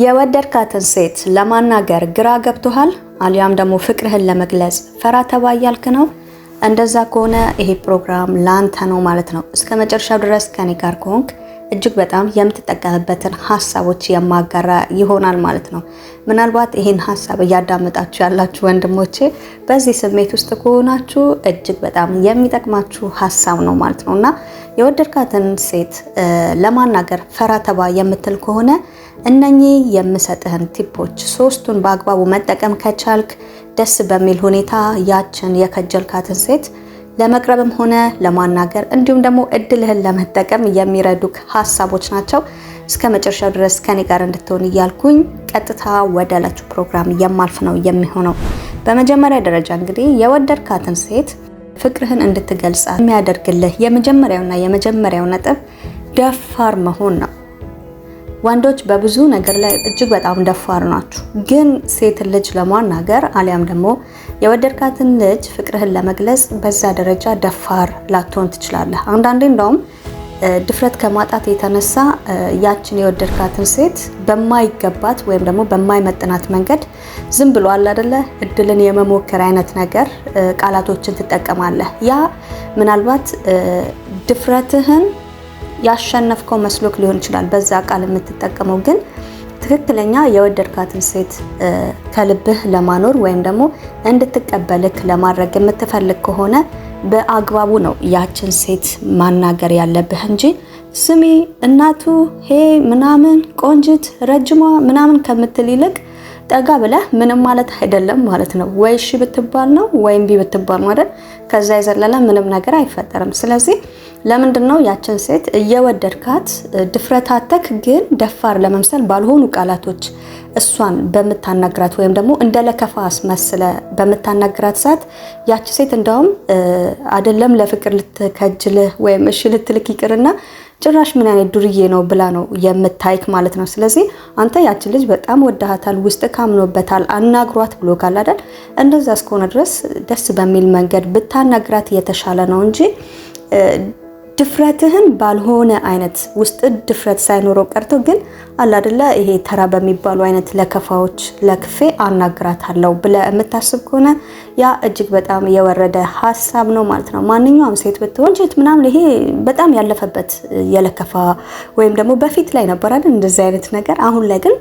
የወደድካትን ሴት ለማናገር ግራ ገብቶሃል? አሊያም ደግሞ ፍቅርህን ለመግለጽ ፈራ ተባ እያልክ ነው? እንደዛ ከሆነ ይሄ ፕሮግራም ላንተ ነው ማለት ነው። እስከ መጨረሻው ድረስ ከኔ ጋር ከሆንክ እጅግ በጣም የምትጠቀምበትን ሀሳቦች የማጋራ ይሆናል ማለት ነው። ምናልባት ይህን ሀሳብ እያዳመጣችሁ ያላችሁ ወንድሞቼ በዚህ ስሜት ውስጥ ከሆናችሁ እጅግ በጣም የሚጠቅማችሁ ሀሳብ ነው ማለት ነው እና የወደድካትን ሴት ለማናገር ፈራ ተባ የምትል ከሆነ እነኚህ የምሰጥህን ቲፖች ሶስቱን በአግባቡ መጠቀም ከቻልክ ደስ በሚል ሁኔታ ያችን የከጀልካትን ሴት ለመቅረብም ሆነ ለማናገር እንዲሁም ደግሞ እድልህን ለመጠቀም የሚረዱ ሀሳቦች ናቸው። እስከ መጨረሻው ድረስ ከኔ ጋር እንድትሆን እያልኩኝ ቀጥታ ወደ ዕለቱ ፕሮግራም የማልፍ ነው የሚሆነው። በመጀመሪያ ደረጃ እንግዲህ የወደድካትን ሴት ፍቅርህን እንድትገልጻ የሚያደርግልህ የመጀመሪያውና የመጀመሪያው ነጥብ ደፋር መሆን ነው። ወንዶች በብዙ ነገር ላይ እጅግ በጣም ደፋር ናችሁ። ግን ሴት ልጅ ለማናገር አሊያም ደግሞ የወደድካትን ልጅ ፍቅርህን ለመግለጽ በዛ ደረጃ ደፋር ላትሆን ትችላለህ። አንዳንዴ እንደውም ድፍረት ከማጣት የተነሳ ያችን የወደድካትን ሴት በማይገባት ወይም ደግሞ በማይመጥናት መንገድ ዝም ብሎ አለ አይደለ እድልን የመሞከር አይነት ነገር ቃላቶችን ትጠቀማለህ። ያ ምናልባት ድፍረትህን ያሸነፍከው መስሎክ ሊሆን ይችላል በዛ ቃል የምትጠቀመው ግን ትክክለኛ የወደድካትን ሴት ከልብህ ለማኖር ወይም ደግሞ እንድትቀበልክ ለማድረግ የምትፈልግ ከሆነ በአግባቡ ነው ያችን ሴት ማናገር ያለብህ እንጂ ስሚ እናቱ ሄ ምናምን ቆንጅት ረጅሟ ምናምን ከምትል ይልቅ ጠጋ ብለህ ምንም ማለት አይደለም ማለት ነው። ወይ እሺ ብትባል ነው ወይም ቢ ብትባል ማለት ከዛ የዘለለ ምንም ነገር አይፈጠርም። ስለዚህ ለምንድን ነው ያችን ሴት እየወደድካት ድፍረታተክ ግን ደፋር ለመምሰል ባልሆኑ ቃላቶች እሷን በምታናግራት ወይም ደግሞ እንደ ለከፋስ መስለ በምታናግራት ሰዓት ያች ሴት እንደውም አይደለም ለፍቅር ልትከጅልህ ወይም እሺ ልትልክ ይቅርና ጭራሽ ምን አይነት ዱርዬ ነው ብላ ነው የምታይክ ማለት ነው። ስለዚህ አንተ ያች ልጅ በጣም ወዳሃታል፣ ውስጥ ካምኖበታል፣ አናግሯት ብሎ ካላዳል እንደዛ እስከሆነ ድረስ ደስ በሚል መንገድ ብታናግራት የተሻለ ነው እንጂ ድፍረትህን ባልሆነ አይነት ውስጥ ድፍረት ሳይኖረው ቀርቶ ግን አላደለ ይሄ ተራ በሚባሉ አይነት ለከፋዎች ለክፌ አናግራታለሁ ብለህ የምታስብ ከሆነ ያ እጅግ በጣም የወረደ ሀሳብ ነው ማለት ነው። ማንኛውም ሴት ብትሆን ሴት ምናምን ይሄ በጣም ያለፈበት የለከፋ ወይም ደግሞ በፊት ላይ ነበራል እንደዚህ አይነት ነገር። አሁን ላይ ግን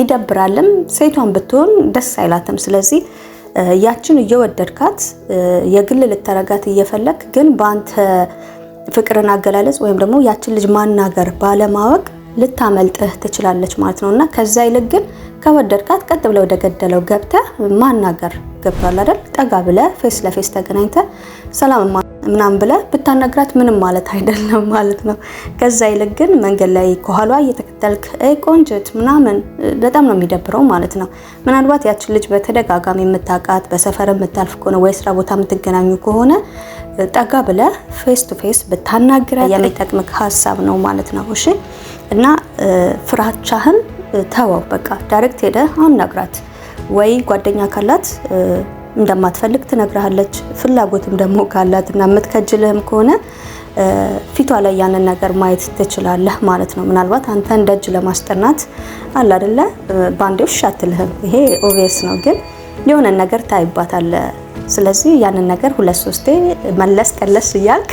ይደብራልም፣ ሴቷን ብትሆን ደስ አይላትም። ስለዚህ ያችን እየወደድካት የግል ልታረጋት እየፈለክ ግን በአንተ ፍቅርን አገላለጽ ወይም ደግሞ ያችን ልጅ ማናገር ባለማወቅ ልታመልጥህ ትችላለች ማለት ነው እና ከዛ ይልቅ ግን ከወደድካት ቀጥ ብለ ወደ ገደለው ገብተህ ማናገር ገብቷል አይደል? ጠጋ ብለ ፌስ ለፌስ ተገናኝተ ሰላም ምናምን ብለ ብታነግራት ምንም ማለት አይደለም ማለት ነው። ከዛ ይልቅ ግን መንገድ ላይ ከኋሏ እየተከተልክ ቆንጅት ምናምን በጣም ነው የሚደብረው ማለት ነው። ምናልባት ያችን ልጅ በተደጋጋሚ የምታውቃት በሰፈር የምታልፍ ከሆነ ወይ ስራ ቦታ የምትገናኙ ከሆነ ጠጋ ብለ ፌስ ቱ ፌስ ብታናግራት የሚጠቅምክ ሀሳብ ነው ማለት ነው። እሺ እና ፍራቻህን ተወው። በቃ ዳይሬክት ሄደ አናግራት ወይ ጓደኛ ካላት እንደማትፈልግ ትነግራለች ፍላጎትም ደግሞ እና የምትከጅልህም ከሆነ ፊቷ ላይ ያንን ነገር ማየት ትችላለህ ማለት ነው። ምናልባት አንተ እንደ እጅ ለማስጠናት አለ አይደለ፣ ባንዴ ውሽ አትልህም። ይሄ ኦቪየስ ነው፣ ግን የሆነ ነገር ታይባታለ። ስለዚህ ያንን ነገር ሁለት ሶስቴ መለስ ቀለስ እያልክ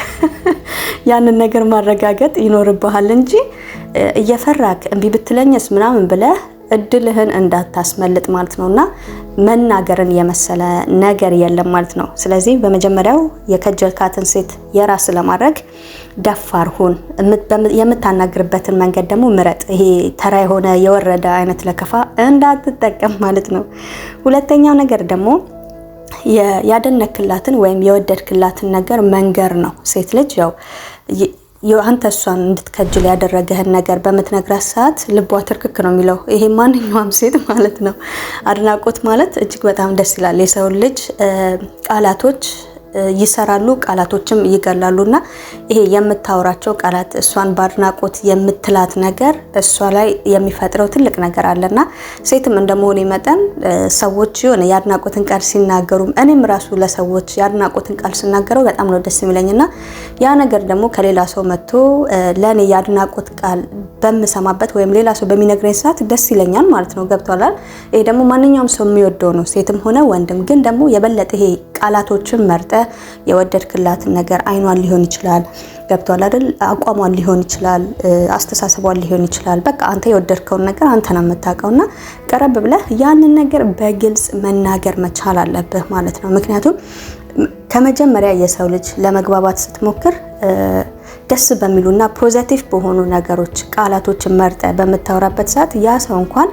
ያንን ነገር ማረጋገጥ ይኖርብሃል እንጂ እየፈራክ እምቢ ብትለኝስ ምናምን ብለህ እድልህን እንዳታስመልጥ ማለት እና መናገርን የመሰለ ነገር የለም ማለት ነው። ስለዚህ በመጀመሪያው የከጀልካትን ሴት የራስ ለማድረግ ደፋር ሁን። የምታናግርበትን መንገድ ደግሞ ምረጥ። ይሄ ተራ የሆነ የወረደ አይነት ለከፋ እንዳትጠቀም ማለት ነው። ሁለተኛው ነገር ደግሞ ያደነክላትን ወይም የወደድክላትን ነገር መንገር ነው። ሴት ልጅ ያው አንተ እሷን እንድትከጅል ያደረገህን ነገር በምትነግራት ሰዓት ልቧ ትርክክ ነው የሚለው። ይሄ ማንኛውም ሴት ማለት ነው። አድናቆት ማለት እጅግ በጣም ደስ ይላል። የሰውን ልጅ ቃላቶች ይሰራሉ፣ ቃላቶችም ይገላሉና ይሄ የምታወራቸው ቃላት እሷን በአድናቆት የምትላት ነገር እሷ ላይ የሚፈጥረው ትልቅ ነገር አለና ሴትም እንደመሆኔ መጠን ሰዎች የሆነ የአድናቆትን ቃል ሲናገሩም እኔም ራሱ ለሰዎች የአድናቆትን ቃል ስናገረው በጣም ነው ደስ የሚለኝና ያ ነገር ደግሞ ከሌላ ሰው መጥቶ ለእኔ የአድናቆት ቃል በምሰማበት ወይም ሌላ ሰው በሚነግረኝ ሰዓት ደስ ይለኛል ማለት ነው። ገብቷላል? ይሄ ደግሞ ማንኛውም ሰው የሚወደው ነው ሴትም ሆነ ወንድም። ግን ደግሞ የበለጠ ይሄ ቃላቶችን መርጠ የወደድክላትን ነገር አይኗን ሊሆን ይችላል፣ ገብቷል አይደል? አቋሟን ሊሆን ይችላል፣ አስተሳሰቧን ሊሆን ይችላል። በቃ አንተ የወደድከውን ነገር አንተ ነው የምታውቀውና ቀረብ ብለህ ያንን ነገር በግልጽ መናገር መቻል አለብህ ማለት ነው። ምክንያቱም ከመጀመሪያ የሰው ልጅ ለመግባባት ስትሞክር ደስ በሚሉና ፖዘቲቭ በሆኑ ነገሮች ቃላቶችን መርጠ በምታወራበት ሰዓት ያ ሰው እንኳን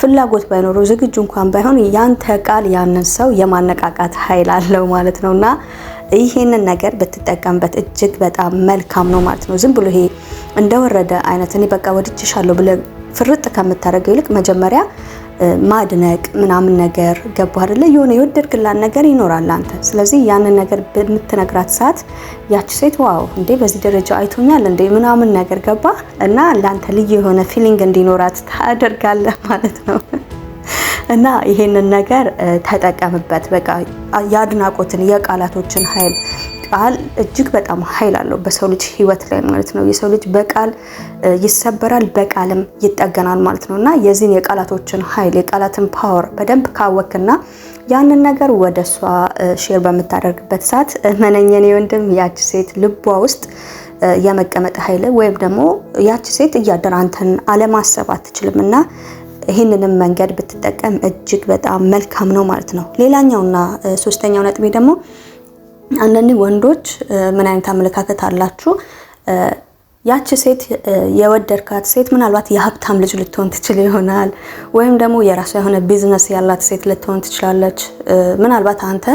ፍላጎት ባይኖረው ዝግጁ እንኳን ባይሆን ያንተ ቃል ያንን ሰው የማነቃቃት ኃይል አለው ማለት ነው እና ይህንን ነገር ብትጠቀምበት እጅግ በጣም መልካም ነው ማለት ነው። ዝም ብሎ ይሄ እንደወረደ አይነት እኔ በቃ ወድጅሻለሁ ብለህ ፍርጥ ከምታደርገው ይልቅ መጀመሪያ ማድነቅ ምናምን ነገር ገባ አደለ? የሆነ የወደድክላት ነገር ይኖራል አንተ። ስለዚህ ያንን ነገር በምትነግራት ሰዓት ያቺ ሴት ዋው እንዴ በዚህ ደረጃ አይቶኛል እንዴ ምናምን ነገር ገባ እና ለአንተ ልዩ የሆነ ፊሊንግ እንዲኖራት ታደርጋለህ ማለት ነው። እና ይሄንን ነገር ተጠቀምበት። በቃ የአድናቆትን የቃላቶችን ኃይል ቃል እጅግ በጣም ኃይል አለው በሰው ልጅ ህይወት ላይ ማለት ነው። የሰው ልጅ በቃል ይሰበራል፣ በቃልም ይጠገናል ማለት ነው እና የዚህን የቃላቶችን ኃይል የቃላትን ፓወር በደንብ ካወክና ያንን ነገር ወደ እሷ ሼር በምታደርግበት ሰዓት መነኘኔ ወንድም ያቺ ሴት ልቧ ውስጥ የመቀመጥ ኃይል ወይም ደግሞ ያቺ ሴት እያደር አንተን አለማሰብ አትችልም እና ይህንንም መንገድ ብትጠቀም እጅግ በጣም መልካም ነው ማለት ነው። ሌላኛውና ሶስተኛው ነጥቤ ደግሞ አንዳንድ ወንዶች ምን አይነት አመለካከት አላችሁ? ያቺ ሴት የወደድካት ሴት ምናልባት የሀብታም ልጅ ልትሆን ትችል ይሆናል፣ ወይም ደግሞ የራሷ የሆነ ቢዝነስ ያላት ሴት ልትሆን ትችላለች። ምናልባት አንተ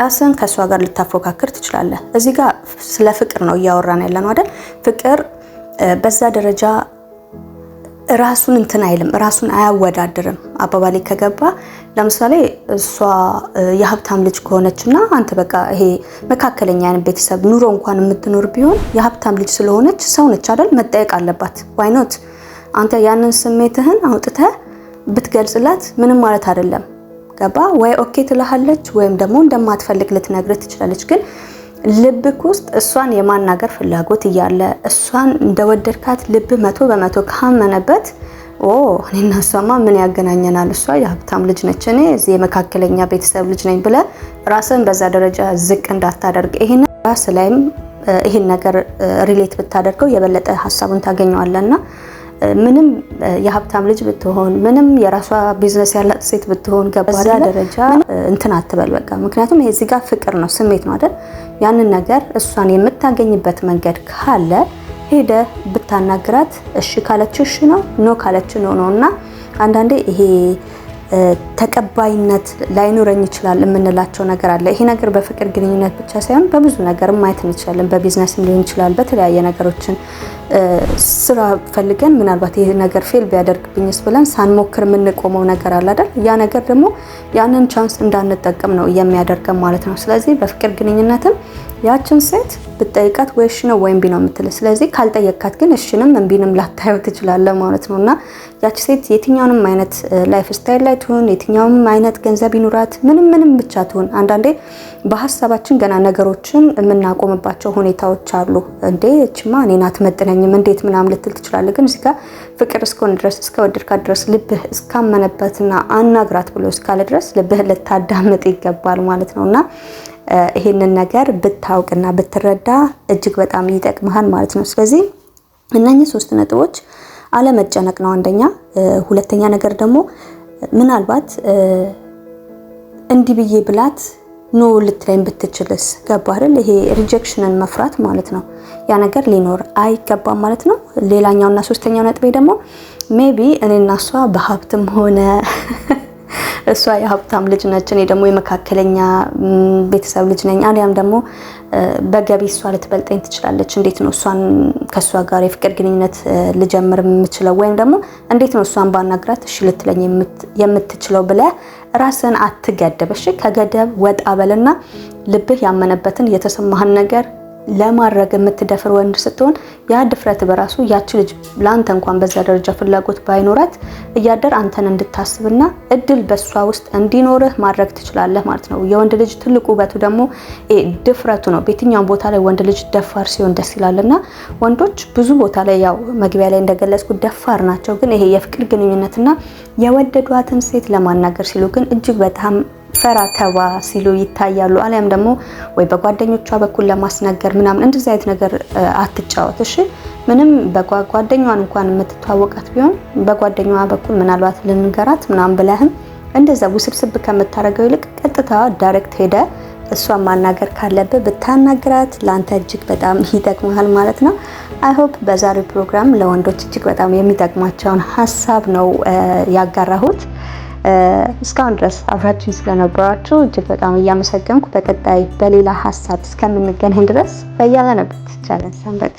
ራስን ከእሷ ጋር ልታፎካክር ትችላለህ። እዚህ ጋር ስለ ፍቅር ነው እያወራን ያለ ነው አይደል? ፍቅር በዛ ደረጃ ራሱን እንትን አይልም፣ ራሱን አያወዳድርም። አባባሌ ከገባ ለምሳሌ እሷ የሀብታም ልጅ ከሆነች እና አንተ በቃ ይሄ መካከለኛ ቤተሰብ ኑሮ እንኳን የምትኖር ቢሆን የሀብታም ልጅ ስለሆነች ሰውነች አይደል መጠየቅ አለባት። ዋይኖት አንተ ያንን ስሜትህን አውጥተህ ብትገልጽላት ምንም ማለት አይደለም። ገባ ወይ ኦኬ ትልሃለች፣ ወይም ደግሞ እንደማትፈልግ ልትነግርህ ትችላለች ግን ልብክ ውስጥ እሷን የማናገር ፍላጎት እያለ እሷን እንደወደድካት ልብ መቶ በመቶ ካመነበት ኦ እኔና እሷማ ምን ያገናኘናል? እሷ የሀብታም ልጅ ነች፣ እኔ እዚህ የመካከለኛ ቤተሰብ ልጅ ነኝ ብለ ራስን በዛ ደረጃ ዝቅ እንዳታደርግ። ይህን ራስ ላይም ይህን ነገር ሪሌት ብታደርገው የበለጠ ሀሳቡን ታገኘዋለና ምንም የሀብታም ልጅ ብትሆን ምንም የራሷ ቢዝነስ ያላት ሴት ብትሆን ገባዛ ደረጃ እንትን አትበል በቃ። ምክንያቱም ይሄ እዚህ ጋር ፍቅር ነው ስሜት ነው አይደል? ያንን ነገር እሷን የምታገኝበት መንገድ ካለ ሄደ ብታናግራት እሺ ካለች እሺ ነው፣ ኖ ካለች ኖ ነው እና አንዳንዴ ይሄ ተቀባይነት ላይኖረኝ ይችላል የምንላቸው ነገር አለ። ይሄ ነገር በፍቅር ግንኙነት ብቻ ሳይሆን በብዙ ነገር ማየት እንችላለን። በቢዝነስ ሊሆን ይችላል። በተለያየ ነገሮችን ስራ ፈልገን ምናልባት ይህ ነገር ፌል ቢያደርግብኝስ ብለን ሳንሞክር የምንቆመው ነገር አለ አይደል? ያ ነገር ደግሞ ያንን ቻንስ እንዳንጠቀም ነው የሚያደርገን ማለት ነው። ስለዚህ በፍቅር ግንኙነትም ያችን ሴት ብትጠይቃት ወይ እሺ ነው ወይ እምቢ ነው የምትል። ስለዚህ ካልጠየቅካት ግን እሽንም እምቢንም ላታየው ትችላለ ማለት ነው። እና ያቺ ሴት የትኛውንም አይነት ላይፍ ስታይል ላይ ትሁን፣ የትኛውንም አይነት ገንዘብ ይኑራት፣ ምንም ምንም ብቻ ትሁን። አንዳንዴ በሀሳባችን ገና ነገሮችን የምናቆምባቸው ሁኔታዎች አሉ። እንዴ እችማ እኔን አትመጥነኝም እንዴት ምናምን ልትል ትችላለ። ግን እዚጋ ፍቅር እስከሆነ ድረስ እስከ ወደድካት ድረስ ልብህ እስካመነበትና አናግራት ብሎ እስካለ ድረስ ልብህ ልታዳምጥ ይገባል ማለት ነው እና ይሄንን ነገር ብታውቅና ብትረዳ እጅግ በጣም ይጠቅምሃል ማለት ነው። ስለዚህ እነኚህ ሶስት ነጥቦች አለመጨነቅ ነው አንደኛ። ሁለተኛ ነገር ደግሞ ምናልባት እንዲህ ብዬ ብላት ኖ ልትለኝ ብትችልስ? ገባህ አይደል? ይሄ ሪጀክሽንን መፍራት ማለት ነው። ያ ነገር ሊኖር አይገባም ማለት ነው። ሌላኛውና ሶስተኛው ነጥቤ ደግሞ ሜቢ እኔና እሷ በሀብትም ሆነ እሷ የሀብታም ልጅ ነች፣ እኔ ደግሞ የመካከለኛ ቤተሰብ ልጅ ነኝ፣ አሊያም ደግሞ በገቢ እሷ ልትበልጠኝ ትችላለች። እንዴት ነው እሷን ከእሷ ጋር የፍቅር ግንኙነት ልጀምር የምችለው ወይም ደግሞ እንዴት ነው እሷን ባናግራት እሺ ልትለኝ የምትችለው ብለህ ራስን አትገደብ። እሺ ከገደብ ወጣ በልና ልብህ ያመነበትን የተሰማህን ነገር ለማድረግ የምትደፍር ወንድ ስትሆን ያ ድፍረት በራሱ ያቺ ልጅ ለአንተ እንኳን በዛ ደረጃ ፍላጎት ባይኖራት እያደር አንተን እንድታስብና እድል በሷ ውስጥ እንዲኖርህ ማድረግ ትችላለህ ማለት ነው። የወንድ ልጅ ትልቁ ውበቱ ደግሞ ድፍረቱ ነው። በየትኛውም ቦታ ላይ ወንድ ልጅ ደፋር ሲሆን ደስ እና ወንዶች ብዙ ቦታ ላይ ያው መግቢያ ላይ እንደገለጽኩት ደፋር ናቸው። ግን ይሄ የፍቅር ግንኙነትና የወደዷትን ሴት ለማናገር ሲሉ ግን እጅግ በጣም ፈራ ተባ ሲሉ ይታያሉ። አሊያም ደግሞ ወይ በጓደኞቿ በኩል ለማስነገር ምናምን እንደዚህ አይነት ነገር አትጫወት እሺ። ምንም በጓደኛዋን እንኳን የምትተዋወቃት ቢሆን በጓደኛዋ በኩል ምናልባት ልንገራት ምናምን ብለህም እንደዛ ውስብስብ ከምታደርገው ይልቅ ቀጥታ ዳይሬክት ሄደ እሷን ማናገር ካለብህ ብታናግራት ለአንተ እጅግ በጣም ይጠቅምሃል ማለት ነው። አይሆፕ በዛሬው ፕሮግራም ለወንዶች እጅግ በጣም የሚጠቅማቸውን ሀሳብ ነው ያጋራሁት። እስካሁን ድረስ አብራችሁን ስለነበራችሁ እጅግ በጣም እያመሰገንኩ በቀጣይ በሌላ ሀሳብ እስከምንገናኝ ድረስ በያለነበት ቻለን ሰንበት